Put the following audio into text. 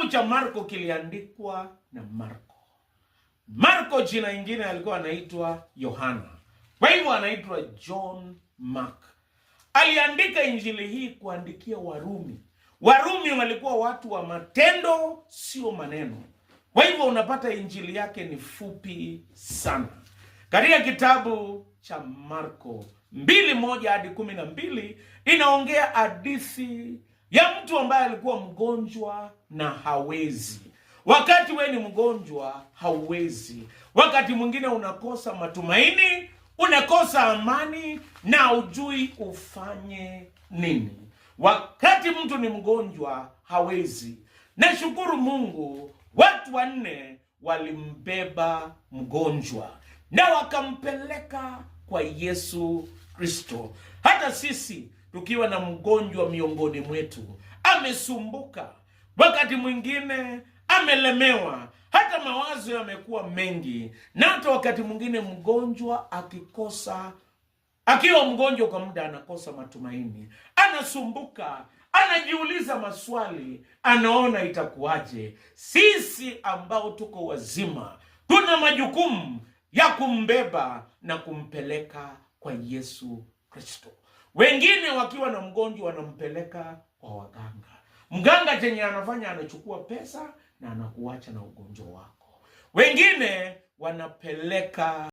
kitabu cha Marko kiliandikwa na Marko. Marko jina ingine alikuwa anaitwa Yohana, kwa hivyo anaitwa John Mark. Aliandika injili hii kuandikia Warumi. Warumi walikuwa watu wa matendo, sio maneno. Kwa hivyo unapata injili yake ni fupi sana. Katika kitabu cha Marko mbili moja hadi kumi na mbili inaongea hadithi ya mtu ambaye alikuwa mgonjwa na hawezi. Wakati wewe ni mgonjwa hauwezi, wakati mwingine unakosa matumaini, unakosa amani na ujui ufanye nini. Wakati mtu ni mgonjwa hawezi. Nashukuru Mungu, watu wanne walimbeba mgonjwa na wakampeleka kwa Yesu Kristo. Hata sisi tukiwa na mgonjwa miongoni mwetu, amesumbuka, wakati mwingine amelemewa, hata mawazo yamekuwa mengi, na hata wakati mwingine mgonjwa akikosa, akiwa mgonjwa kwa muda anakosa matumaini, anasumbuka anajiuliza maswali, anaona itakuwaje. Sisi ambao tuko wazima tuna majukumu ya kumbeba na kumpeleka kwa Yesu Kristo. Wengine wakiwa na mgonjwa wanampeleka kwa waganga. Mganga chenye anafanya anachukua pesa na anakuacha na ugonjwa wako. Wengine wanapeleka